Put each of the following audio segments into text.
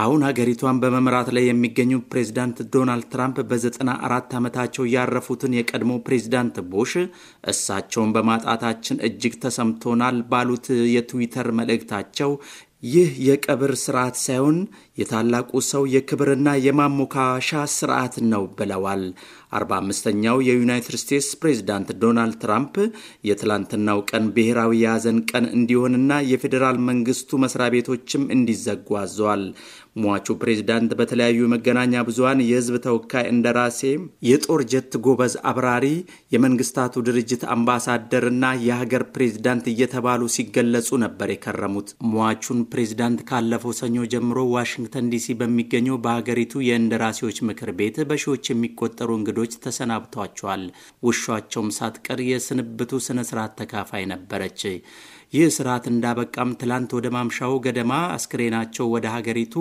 አሁን ሀገሪቷን በመምራት ላይ የሚገኙ ፕሬዚዳንት ዶናልድ ትራምፕ በዘጠና አራት ዓመታቸው ያረፉትን የቀድሞ ፕሬዚዳንት ቡሽ እሳቸውን በማጣታችን እጅግ ተሰምቶናል ባሉት የትዊተር መልእክታቸው ይህ የቀብር ስርዓት ሳይሆን የታላቁ ሰው የክብርና የማሞካሻ ስርዓት ነው ብለዋል። 45ኛው የዩናይትድ ስቴትስ ፕሬዚዳንት ዶናልድ ትራምፕ የትላንትናው ቀን ብሔራዊ የሐዘን ቀን እንዲሆንና የፌዴራል መንግስቱ መስሪያ ቤቶችም እንዲዘጉ አዘዋል። ሟቹ ፕሬዚዳንት በተለያዩ መገናኛ ብዙሀን የህዝብ ተወካይ እንደራሴ፣ የጦር ጀት ጎበዝ አብራሪ፣ የመንግስታቱ ድርጅት አምባሳደር እና የሀገር ፕሬዚዳንት እየተባሉ ሲገለጹ ነበር የከረሙት። ሟቹን ፕሬዚዳንት ካለፈው ሰኞ ጀምሮ ዋሽንግተን ዋሽንግተን ዲሲ በሚገኘው በሀገሪቱ የእንደራሴዎች ምክር ቤት በሺዎች የሚቆጠሩ እንግዶች ተሰናብቷቸዋል። ውሻቸውም ሳትቀር የስንብቱ ስነ ስርዓት ተካፋይ ነበረች። ይህ ስርዓት እንዳበቃም ትላንት ወደ ማምሻው ገደማ አስክሬናቸው ወደ ሀገሪቱ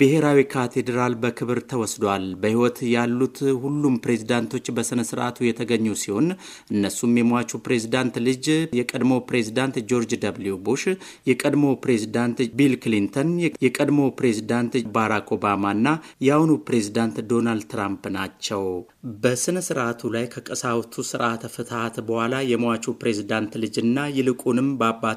ብሔራዊ ካቴድራል በክብር ተወስዷል። በሕይወት ያሉት ሁሉም ፕሬዝዳንቶች በሥነ ስርዓቱ የተገኙ ሲሆን እነሱም የሟቹ ፕሬዝዳንት ልጅ የቀድሞ ፕሬዝዳንት ጆርጅ ደብልዩ ቡሽ፣ የቀድሞ ፕሬዝዳንት ቢል ክሊንተን፣ የቀድሞ ፕሬዝዳንት ባራክ ኦባማ እና የአሁኑ ፕሬዝዳንት ዶናልድ ትራምፕ ናቸው። በሥነ ስርዓቱ ላይ ከቀሳውቱ ስርዓተ ፍትሐት በኋላ የሟቹ ፕሬዝዳንት ልጅና ይልቁንም በአባት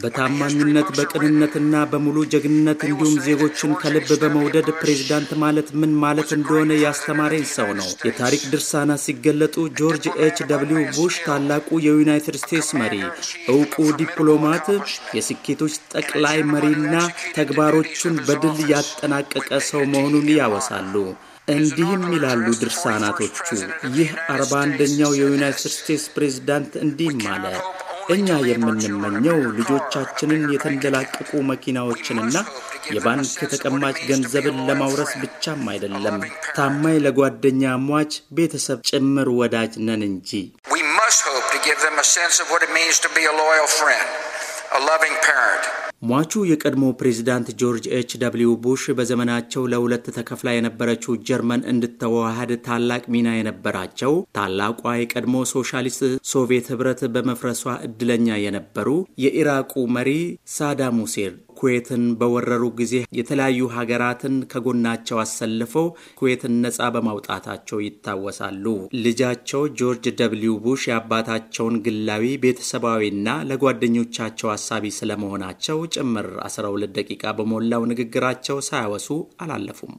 በታማኝነት በቅንነትና በሙሉ ጀግንነት እንዲሁም ዜጎችን ከልብ በመውደድ ፕሬዚዳንት ማለት ምን ማለት እንደሆነ ያስተማረኝ ሰው ነው። የታሪክ ድርሳናት ሲገለጡ ጆርጅ ኤች ደብሊው ቡሽ ታላቁ የዩናይትድ ስቴትስ መሪ፣ እውቁ ዲፕሎማት፣ የስኬቶች ጠቅላይ መሪና ተግባሮቹን በድል ያጠናቀቀ ሰው መሆኑን ያወሳሉ። እንዲህም ይላሉ ድርሳናቶቹ። ይህ አርባ አንደኛው የዩናይትድ ስቴትስ ፕሬዚዳንት እንዲህም አለ እኛ የምንመኘው ልጆቻችንን የተንደላቀቁ መኪናዎችንና የባንክ ተቀማጭ ገንዘብን ለማውረስ ብቻም አይደለም። ታማኝ ለጓደኛ ሟች ቤተሰብ ጭምር ወዳጅ ነን እንጂ ሟቹ የቀድሞ ፕሬዚዳንት ጆርጅ ኤች ደብሊው ቡሽ በዘመናቸው ለሁለት ተከፍላ የነበረችው ጀርመን እንድትዋሃድ ታላቅ ሚና የነበራቸው ታላቋ የቀድሞ ሶሻሊስት ሶቪየት ህብረት በመፍረሷ እድለኛ የነበሩ የኢራቁ መሪ ሳዳም ሁሴን ኩዌትን በወረሩ ጊዜ የተለያዩ ሀገራትን ከጎናቸው አሰልፈው ኩዌትን ነጻ በማውጣታቸው ይታወሳሉ። ልጃቸው ጆርጅ ደብልዩ ቡሽ የአባታቸውን ግላዊ ቤተሰባዊና ለጓደኞቻቸው አሳቢ ስለመሆናቸው ጭምር 12 ደቂቃ በሞላው ንግግራቸው ሳያወሱ አላለፉም።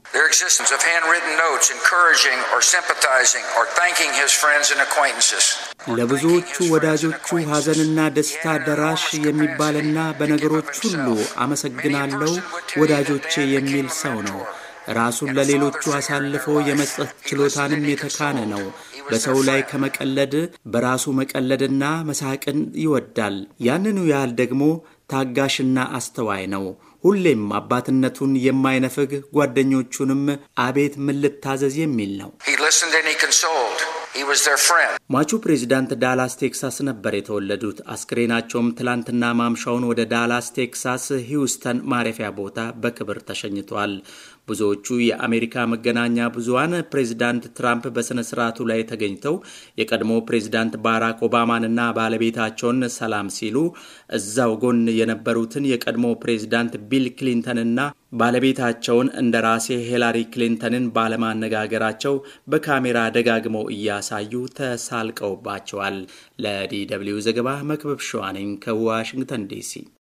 ለብዙዎቹ ወዳጆቹ ሐዘንና ደስታ ደራሽ የሚባልና በነገሮች ሁሉ አመሰግናለሁ ወዳጆቼ የሚል ሰው ነው። ራሱን ለሌሎቹ አሳልፎ የመስጠት ችሎታንም የተካነ ነው። በሰው ላይ ከመቀለድ በራሱ መቀለድና መሳቅን ይወዳል። ያንኑ ያህል ደግሞ ታጋሽና አስተዋይ ነው። ሁሌም አባትነቱን የማይነፍግ ጓደኞቹንም አቤት ምን ልታዘዝ የሚል ነው። ሟቹ ፕሬዚዳንት ዳላስ ቴክሳስ ነበር የተወለዱት። አስክሬናቸውም ትላንትና ማምሻውን ወደ ዳላስ ቴክሳስ ሂውስተን ማረፊያ ቦታ በክብር ተሸኝቷል። ብዙዎቹ የአሜሪካ መገናኛ ብዙሃን ፕሬዚዳንት ትራምፕ በሥነ ሥርዓቱ ላይ ተገኝተው የቀድሞ ፕሬዚዳንት ባራክ ኦባማንና ባለቤታቸውን ሰላም ሲሉ እዛው ጎን የነበሩትን የቀድሞ ፕሬዚዳንት ቢል ክሊንተንና ባለቤታቸውን እንደ ራሴ ሂላሪ ክሊንተንን ባለማነጋገራቸው በካሜራ ደጋግመው እያሳዩ ተሳልቀውባቸዋል። ለዲ ደብልዩ ዘገባ መክበብ ሸዋነኝ ከዋሽንግተን ዲሲ